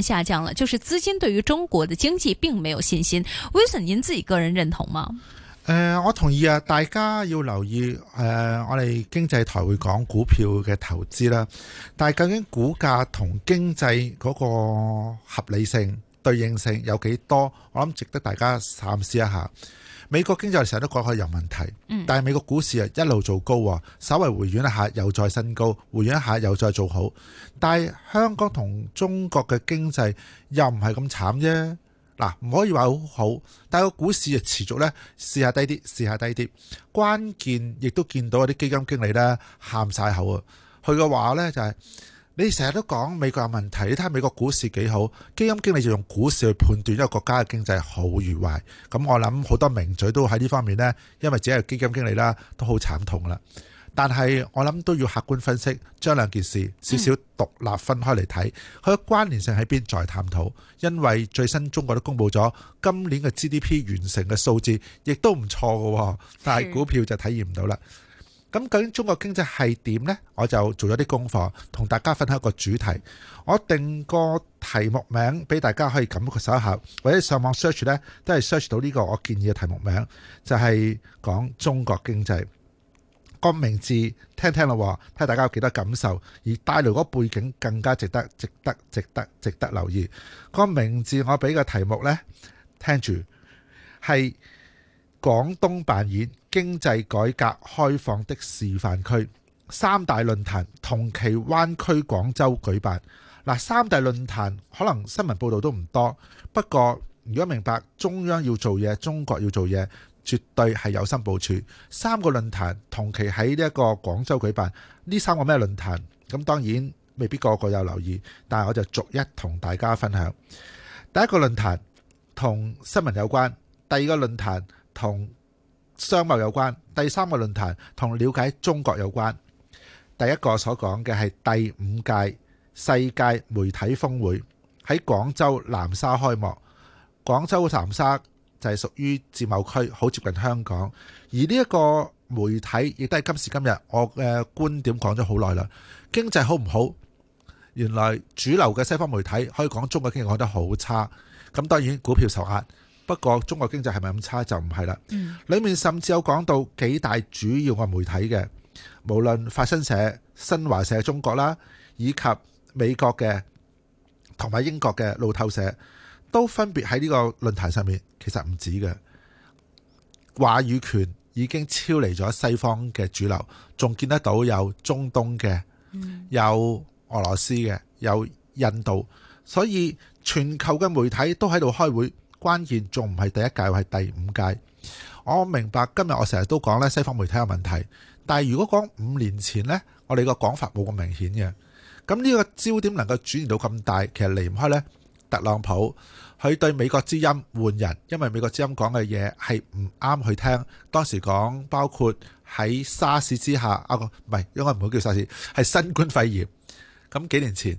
下降了，就是資金對於中國的經濟並沒有信心。Wilson，您自己個人認同嗎？誒、呃，我同意啊，大家要留意誒、呃，我哋經濟台會講股票嘅投資啦，但係究竟股價同經濟嗰個合理性、對應性有幾多，我諗值得大家嘗試一下。美國經濟成日都講佢有問題，但係美國股市啊一路做高，稍為回軟一下又再新高，回軟一下又再做好。但係香港同中國嘅經濟又唔係咁慘啫，嗱，唔可以話好好，但係個股市啊持續咧試下低啲，試下低啲。關鍵亦都見到啲基金經理咧喊晒口啊，佢嘅話咧就係、是。你成日都講美國有問題，你睇下美國股市幾好，基金經理就用股市去判斷一個國家嘅經濟好與壞。咁我諗好多名嘴都喺呢方面呢，因為只係基金經理啦，都好慘痛噶啦。但係我諗都要客觀分析，將兩件事少少獨立分開嚟睇，佢嘅、嗯、關聯性喺邊再探討。因為最新中國都公布咗今年嘅 GDP 完成嘅數字，亦都唔錯噶，但係股票就體驗唔到啦。嗯咁究竟中國經濟係點呢？我就做咗啲功課，同大家分享個主題。我定個題目名俾大家可以感覺一下，或者上網 search 呢，都係 search 到呢個我建議嘅題目名，就係講中國經濟。個名字聽聽咯，睇下大家有幾多感受，而帶來個背景更加值得、值得、值得、值得留意。個名字我俾個題目呢，聽住係廣東扮演。經濟改革開放的示範區，三大論壇同期灣區廣州舉辦。嗱，三大論壇可能新聞報道都唔多，不過如果明白中央要做嘢，中國要做嘢，絕對係有心部署。三個論壇同期喺呢一個廣州舉辦，呢三個咩論壇？咁當然未必個個有留意，但係我就逐一同大家分享。第一個論壇同新聞有關，第二個論壇同……商貿有關，第三個論壇同了解中國有關。第一個所講嘅係第五屆世界媒體峰會喺廣州南沙開幕，廣州南沙就係屬於自貿區，好接近香港。而呢一個媒體亦都係今時今日我嘅觀點講咗好耐啦。經濟好唔好？原來主流嘅西方媒體可以講中國經濟講得好差，咁當然股票受壓。不過，中國經濟係咪咁差就唔係啦。裏面甚至有講到幾大主要嘅媒體嘅，無論法新社、新華社、中國啦，以及美國嘅同埋英國嘅路透社，都分別喺呢個論壇上面。其實唔止嘅話語權已經超離咗西方嘅主流，仲見得到有中東嘅，有俄羅斯嘅，有印度，所以全球嘅媒體都喺度開會。關鍵仲唔係第一屆，係第五屆。我明白今日我成日都講咧西方媒體有問題，但係如果講五年前呢，我哋個講法冇咁明顯嘅。咁呢個焦點能夠轉移到咁大，其實離唔開呢，特朗普佢對美國之音換人，因為美國之音講嘅嘢係唔啱佢聽。當時講包括喺沙士之下啊，唔係應該唔好叫沙士，係新冠肺炎。咁幾年前。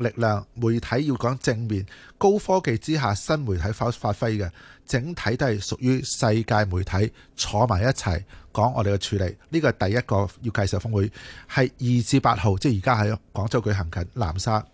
力量媒體要講正面，高科技之下新媒體發發揮嘅，整體都係屬於世界媒體坐埋一齊講我哋嘅處理。呢、這個係第一個要介紹峰會，係二至八號，即係而家喺廣州舉行緊南沙。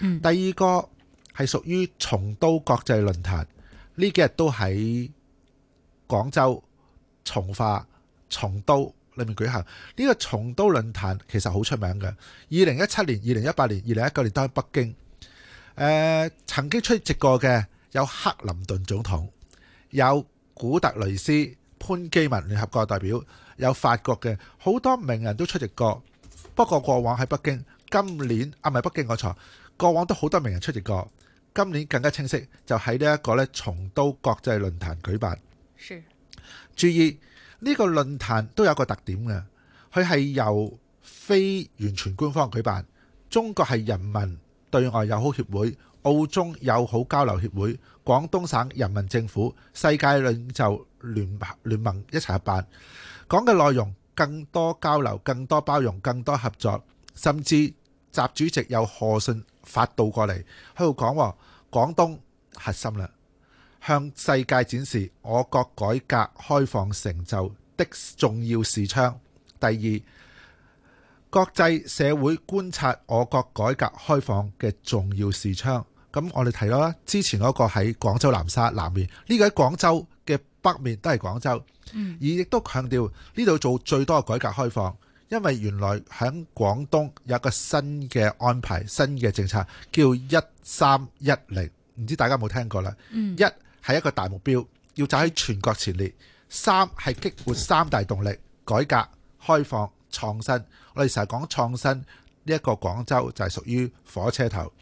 嗯、第二個係屬於從都國際論壇，呢幾日都喺廣州從化從都。裏面舉行呢、呢個崇都論壇其實好出名嘅。二零一七年、二零一八年、二零一九年都喺北京。誒、呃、曾經出席過嘅有克林頓總統，有古特雷斯、潘基文聯合國代表，有法國嘅好多名人都出席過。不過過往喺北京，今年啊唔係北京我錯，過往都好多名人出席過。今年更加清晰，就喺呢一個咧崇都國際論壇舉辦。是注意。呢個論壇都有一個特點嘅，佢係由非完全官方舉辦，中國係人民對外友好協會、澳中友好交流協會、廣東省人民政府、世界領袖聯聯盟一齊辦，講嘅內容更多交流、更多包容、更多合作，甚至習主席有賀信發到過嚟，喺度講廣東核心啦。向世界展示我國改革開放成就的重要視窗。第二，國際社會觀察我國改革開放嘅重要視窗。咁我哋睇到啦，之前嗰個喺廣州南沙南面，呢、這個喺廣州嘅北面都係廣州。嗯、而亦都強調呢度做最多嘅改革開放，因為原來喺廣東有個新嘅安排、新嘅政策，叫一三一零，唔知大家有冇聽過啦。嗯、一係一個大目標，要走喺全國前列。三係激活三大動力：改革、開放、創新。我哋成日講創新呢一個廣州就係屬於火車頭。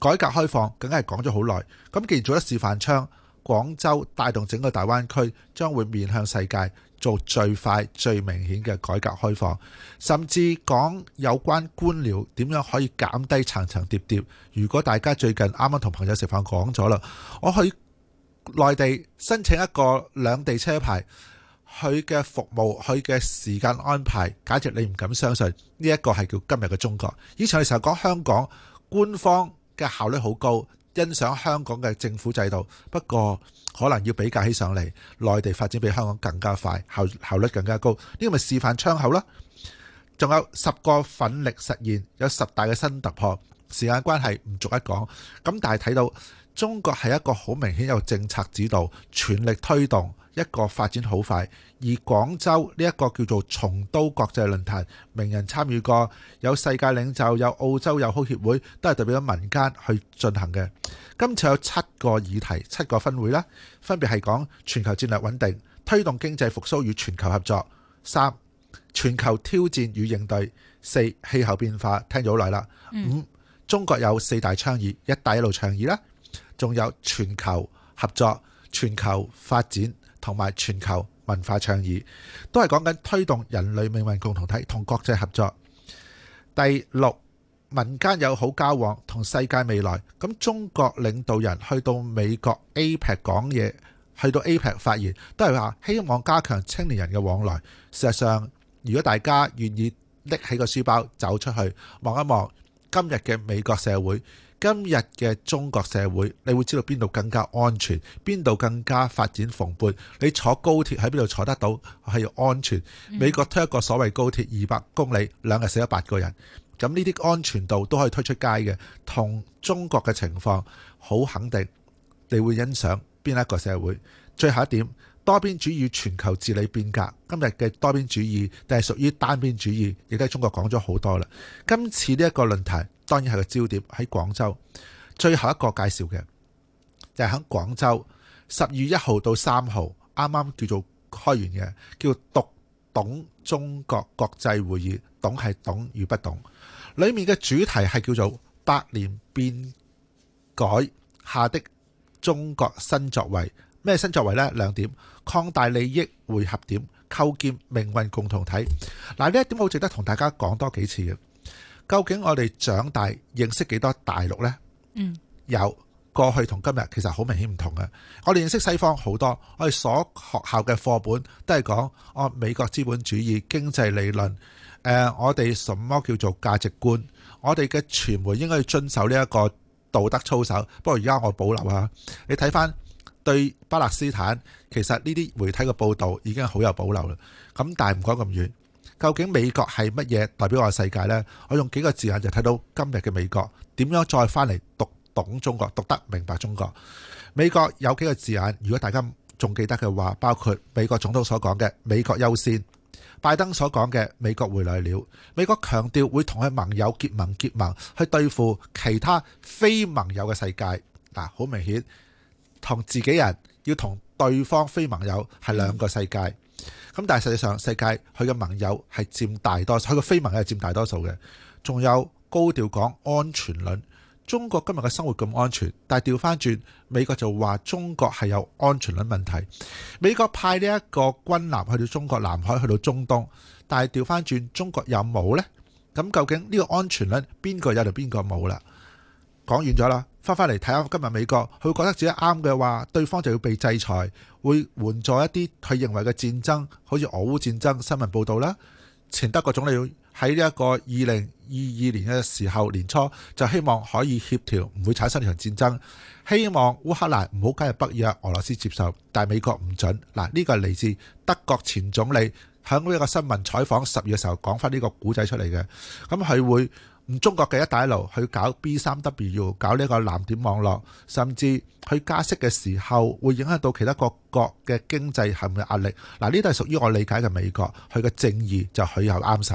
改革開放梗係講咗好耐。咁既然做咗示範窗，廣州帶動整個大灣區將會面向世界做最快最明顯嘅改革開放，甚至講有關官僚點樣可以減低層層疊疊。如果大家最近啱啱同朋友食飯講咗啦，我可以。內地申請一個兩地車牌，佢嘅服務佢嘅時間安排，簡直你唔敢相信。呢一個係叫今日嘅中國。以前嘅時候講香港官方嘅效率好高，欣賞香港嘅政府制度。不過可能要比較起上嚟，內地發展比香港更加快，效效率更加高。呢個咪示範窗口咯。仲有十個奮力實現，有十大嘅新突破。時間關係唔逐一講，咁但係睇到。中國係一個好明顯有政策指導，全力推動一個發展好快。而廣州呢一個叫做讀懂國際論壇，名人參與過，有世界領袖，有澳洲友好協會，都係代表咗民間去進行嘅。今次有七個議題，七個分會啦，分別係講全球戰略穩定，推動經濟復甦與全球合作；三、全球挑戰與應對；四、氣候變化，聽咗好耐啦；五、中國有四大倡議，一帶一路倡議啦。仲有全球合作、全球發展同埋全球文化倡議，都係講緊推動人類命運共同體同國際合作。第六，民間友好交往同世界未來。咁中國領導人去到美國 APEC 講嘢，去到 APEC 發言，都係話希望加強青年人嘅往來。事實上，如果大家願意拎起個書包走出去望一望今日嘅美國社會。今日嘅中國社會，你會知道邊度更加安全，邊度更加發展蓬勃。你坐高鐵喺邊度坐得到？係要安全。美國推一個所謂高鐵二百公里兩日死咗八個人，咁呢啲安全度都可以推出街嘅。同中國嘅情況好肯定，你會欣賞邊一個社會。最後一點，多邊主義全球治理變革，今日嘅多邊主義定係屬於單邊主義，亦都係中國講咗好多啦。今次呢一個論題。當然係個焦點喺廣州，最後一個介紹嘅就係喺廣州十二月一號到三號，啱啱叫做開完嘅，叫讀懂中國國際會議，懂係懂與不懂。裏面嘅主題係叫做百年變改下的中國新作為，咩新作為呢？兩點：擴大利益匯合點，構建命運共同體。嗱，呢一點好值得同大家講多幾次嘅。究竟我哋長大認識幾多大陸呢？嗯，有過去同今日其實好明顯唔同嘅。我哋認識西方好多，我哋所學校嘅課本都係講哦美國資本主義經濟理論。誒，我哋什麼叫做價值觀？我哋嘅傳媒應該要遵守呢一個道德操守。不過而家我保留啊。你睇翻對巴勒斯坦，其實呢啲媒體嘅報道已經好有保留啦。咁但係唔講咁遠。究竟美國係乜嘢代表我嘅世界呢？我用幾個字眼就睇到今日嘅美國點樣再翻嚟讀懂中國，讀得明白中國。美國有幾個字眼，如果大家仲記得嘅話，包括美國總統所講嘅美國優先，拜登所講嘅美國回來了，美國強調會同佢盟友結盟結盟去對付其他非盟友嘅世界。嗱，好明顯，同自己人要同對方非盟友係兩個世界。咁但係實際上世界佢嘅盟友係佔大多數，佢嘅非盟友係佔大多數嘅，仲有高調講安全論。中國今日嘅生活咁安全，但係調翻轉美國就話中國係有安全論問題。美國派呢一個軍艦去到中國南海，去到中東，但係調翻轉中國有冇呢？咁究竟呢個安全論邊個有就邊個冇啦？講完咗啦。翻翻嚟睇下今日美國，佢覺得自己啱嘅話，對方就要被制裁，會援助一啲佢認為嘅戰爭，好似俄烏戰爭新聞報道啦。前德國總理喺呢一個二零二二年嘅時候年初就希望可以協調，唔會產生呢場戰爭，希望烏克蘭唔好加入北約，俄羅斯接受，但係美國唔准。嗱，呢個係嚟自德國前總理喺呢一個新聞採訪十月嘅時候講翻呢個古仔出嚟嘅，咁佢會。中國嘅一帶一路去搞 B3W，搞呢個藍點網絡，甚至去加息嘅時候會影響到其他各國嘅經濟係咪壓力？嗱、啊，呢啲都係屬於我理解嘅美國，佢嘅正義就佢又啱晒。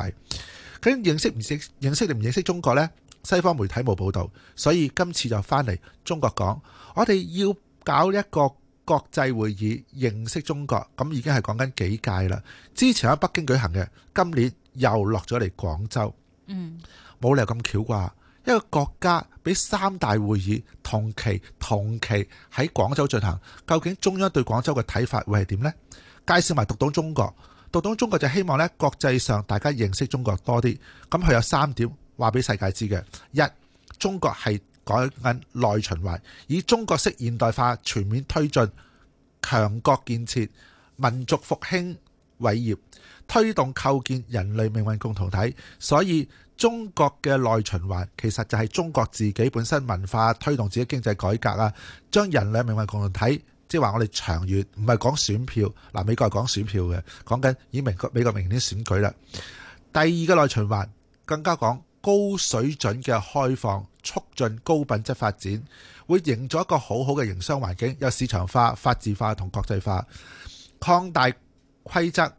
佢認識唔識認識定唔認，認識中國呢？西方媒體冇報導，所以今次就翻嚟中國講，我哋要搞一個國際會議認識中國，咁已經係講緊幾屆啦。之前喺北京舉行嘅，今年又落咗嚟廣州。嗯，冇理由咁巧啩？一個國家俾三大會議同期同期喺廣州進行，究竟中央對廣州嘅睇法會係點呢？介紹埋讀懂中國，讀懂中國就希望呢國際上大家認識中國多啲。咁佢有三點話俾世界知嘅：一、中國係改緊內循環，以中國式現代化全面推進強國建設、民族復興偉業。推動構建人類命運共同體，所以中國嘅內循環其實就係中國自己本身文化推動自己經濟改革啊，將人類命運共同體即係話我哋長遠，唔係講選票嗱，美國係講選票嘅，講緊已經美國美國明年選舉啦。第二個內循環更加講高水準嘅開放，促進高品質發展，會營造一個好好嘅營商環境，有市場化、法治化同國際化，擴大規則，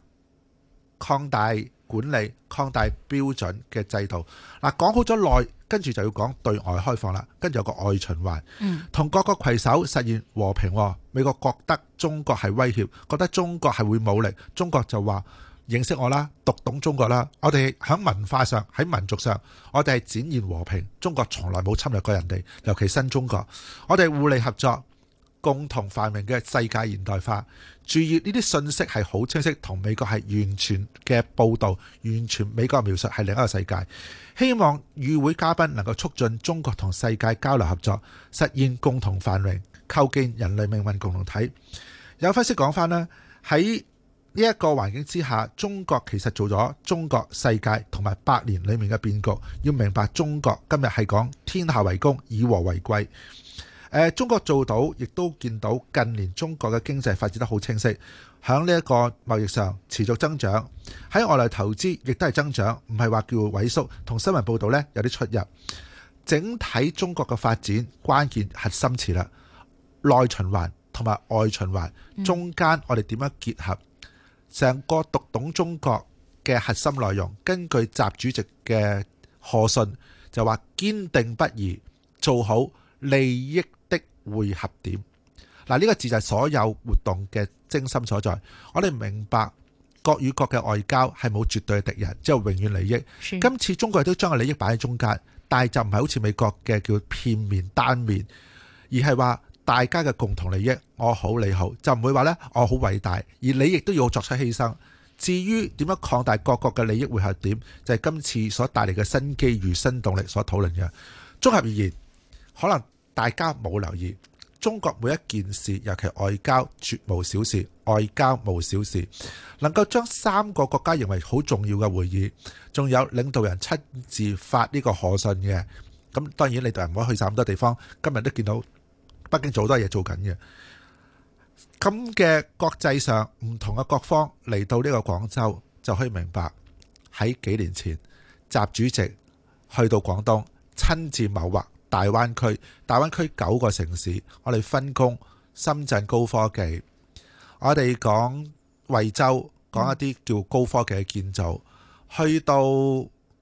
擴大管理、擴大標準嘅制度嗱，講好咗內，跟住就要講對外開放啦，跟住有個外循環，同各國攜手實現和平。美國覺得中國係威脅，覺得中國係會武力。中國就話認識我啦，讀懂中國啦。我哋喺文化上、喺民族上，我哋係展現和平。中國從來冇侵略過人哋，尤其新中國，我哋互利合作。共同繁榮嘅世界現代化，注意呢啲信息係好清晰，同美國係完全嘅報導，完全美國描述係另一個世界。希望與會嘉賓能夠促進中國同世界交流合作，實現共同繁榮，構建人類命運共同體。有分析講返啦，喺呢一個環境之下，中國其實做咗中國世界同埋百年裡面嘅變局。要明白中國今日係講天下為公，以和為貴。中國做到，亦都見到近年中國嘅經濟發展得好清晰，響呢一個貿易上持續增長，喺外來投資亦都係增長，唔係話叫萎縮。同新聞報道呢，有啲出入。整體中國嘅發展關鍵核心詞啦，內循環同埋外循環，中間我哋點樣結合，成個讀懂中國嘅核心內容。根據習主席嘅賀信就話，堅定不移做好利益匯合點，嗱、這、呢個字就係所有活動嘅精心所在。我哋明白國與國嘅外交係冇絕對嘅敵人，只有永遠利益。嗯、今次中國亦都將個利益擺喺中間，但係就唔係好似美國嘅叫片面單面，而係話大家嘅共同利益。我好你好，就唔會話呢，我好偉大，而你亦都要作出犧牲。至於點樣擴大各國嘅利益匯合點，就係、是、今次所帶嚟嘅新機遇、新動力所討論嘅。綜合而言，可能。大家冇留意，中國每一件事，尤其外交，絕無小事。外交冇小事，能夠將三個國家認為好重要嘅會議，仲有領導人親自發呢個賀信嘅。咁當然，你哋唔可以去曬咁多地方。今日都見到北京做好多嘢做緊嘅。咁嘅國際上唔同嘅各方嚟到呢個廣州，就可以明白喺幾年前習主席去到廣東，親自謀劃。大灣區，大灣區九個城市，我哋分工。深圳高科技，我哋講惠州，講一啲叫高科技嘅建造。去到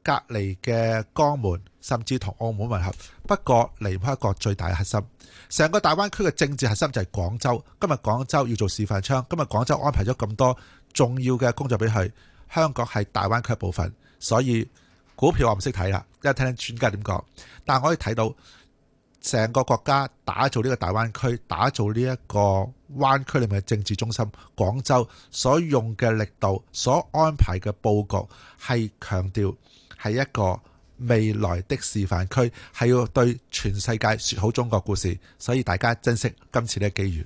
隔籬嘅江門，甚至同澳門混合。不過，離唔開一個最大嘅核心。成個大灣區嘅政治核心就係廣州。今日廣州要做示範窗，今日廣州安排咗咁多重要嘅工作俾佢。香港係大灣區部分，所以。股票我唔識睇啦，一聽專家點講，但係我可以睇到成個國家打造呢個大灣區，打造呢一個灣區裏面嘅政治中心，廣州所用嘅力度，所安排嘅佈局，係強調係一個未來的示範區，係要對全世界說好中國故事，所以大家珍惜今次呢個機遇。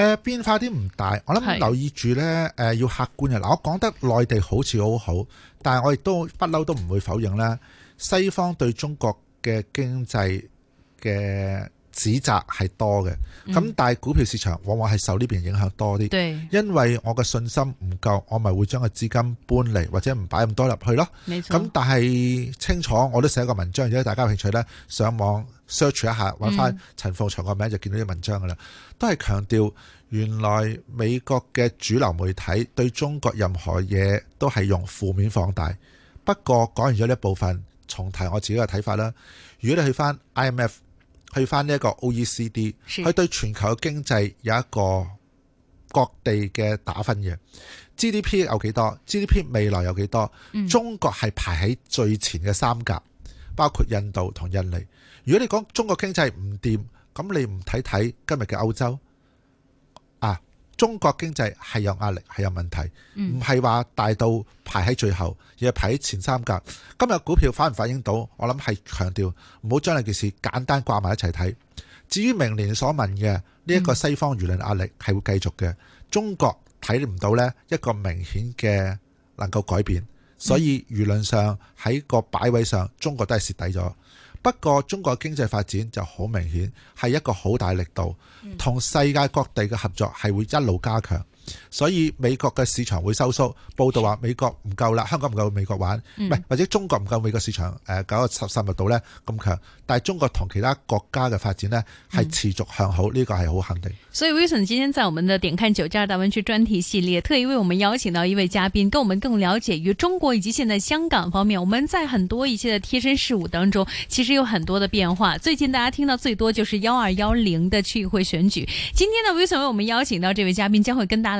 誒變化啲唔大，我諗留意住呢，誒要客觀嘅，嗱是我講得內地好似好好，但係我亦都不嬲都唔會否認啦。西方對中國嘅經濟嘅。指責係多嘅，咁、嗯、但係股票市場往往係受呢邊影響多啲，對因為我嘅信心唔夠，我咪會將個資金搬嚟或者唔擺咁多入去咯。咁錯但係清楚，我都寫個文章，如果大家有興趣呢，上網 search 一下，揾翻陳鳳翔個名就見到啲文章噶啦，嗯、都係強調原來美國嘅主流媒體對中國任何嘢都係用負面放大。不過講完咗呢一部分，重提我自己嘅睇法啦。如果你去翻 IMF。去翻呢一個 O E C D，佢是對全球嘅經濟有一個各地嘅打分嘅 G D P 有幾多？G D P 未來有幾多？嗯、中國係排喺最前嘅三甲，包括印度同印尼。如果你講中國經濟唔掂，咁你唔睇睇今日嘅歐洲？中國經濟係有壓力，係有問題，唔係話大到排喺最後，而係排喺前三甲。今日股票反唔反映到？我諗係強調，唔好將呢件事簡單掛埋一齊睇。至於明年所問嘅呢一個西方輿論壓力係會繼續嘅，中國睇唔到呢一個明顯嘅能夠改變，所以輿論上喺個擺位上，中國都係蝕底咗。不過，中國經濟發展就好明顯，係一個好大力度，同世界各地嘅合作係會一路加強。所以美國嘅市場會收縮，報道話美國唔夠啦，香港唔夠美國玩，唔係、嗯、或者中國唔夠美國市場誒搞個十三日度呢咁強，但係中國同其他國家嘅發展呢，係持續向好，呢個係好肯定的。所以 Wilson 今天在我們的點看九加二大灣區專題系列，特意為我們邀請到一位嘉賓，跟我們更了解於中國以及現在香港方面，我們在很多一些嘅貼身事務當中，其實有很多的變化。最近大家聽到最多就是幺二幺零嘅區議會選舉。今天呢 Wilson 為我們邀請到這位嘉賓，將會跟大家。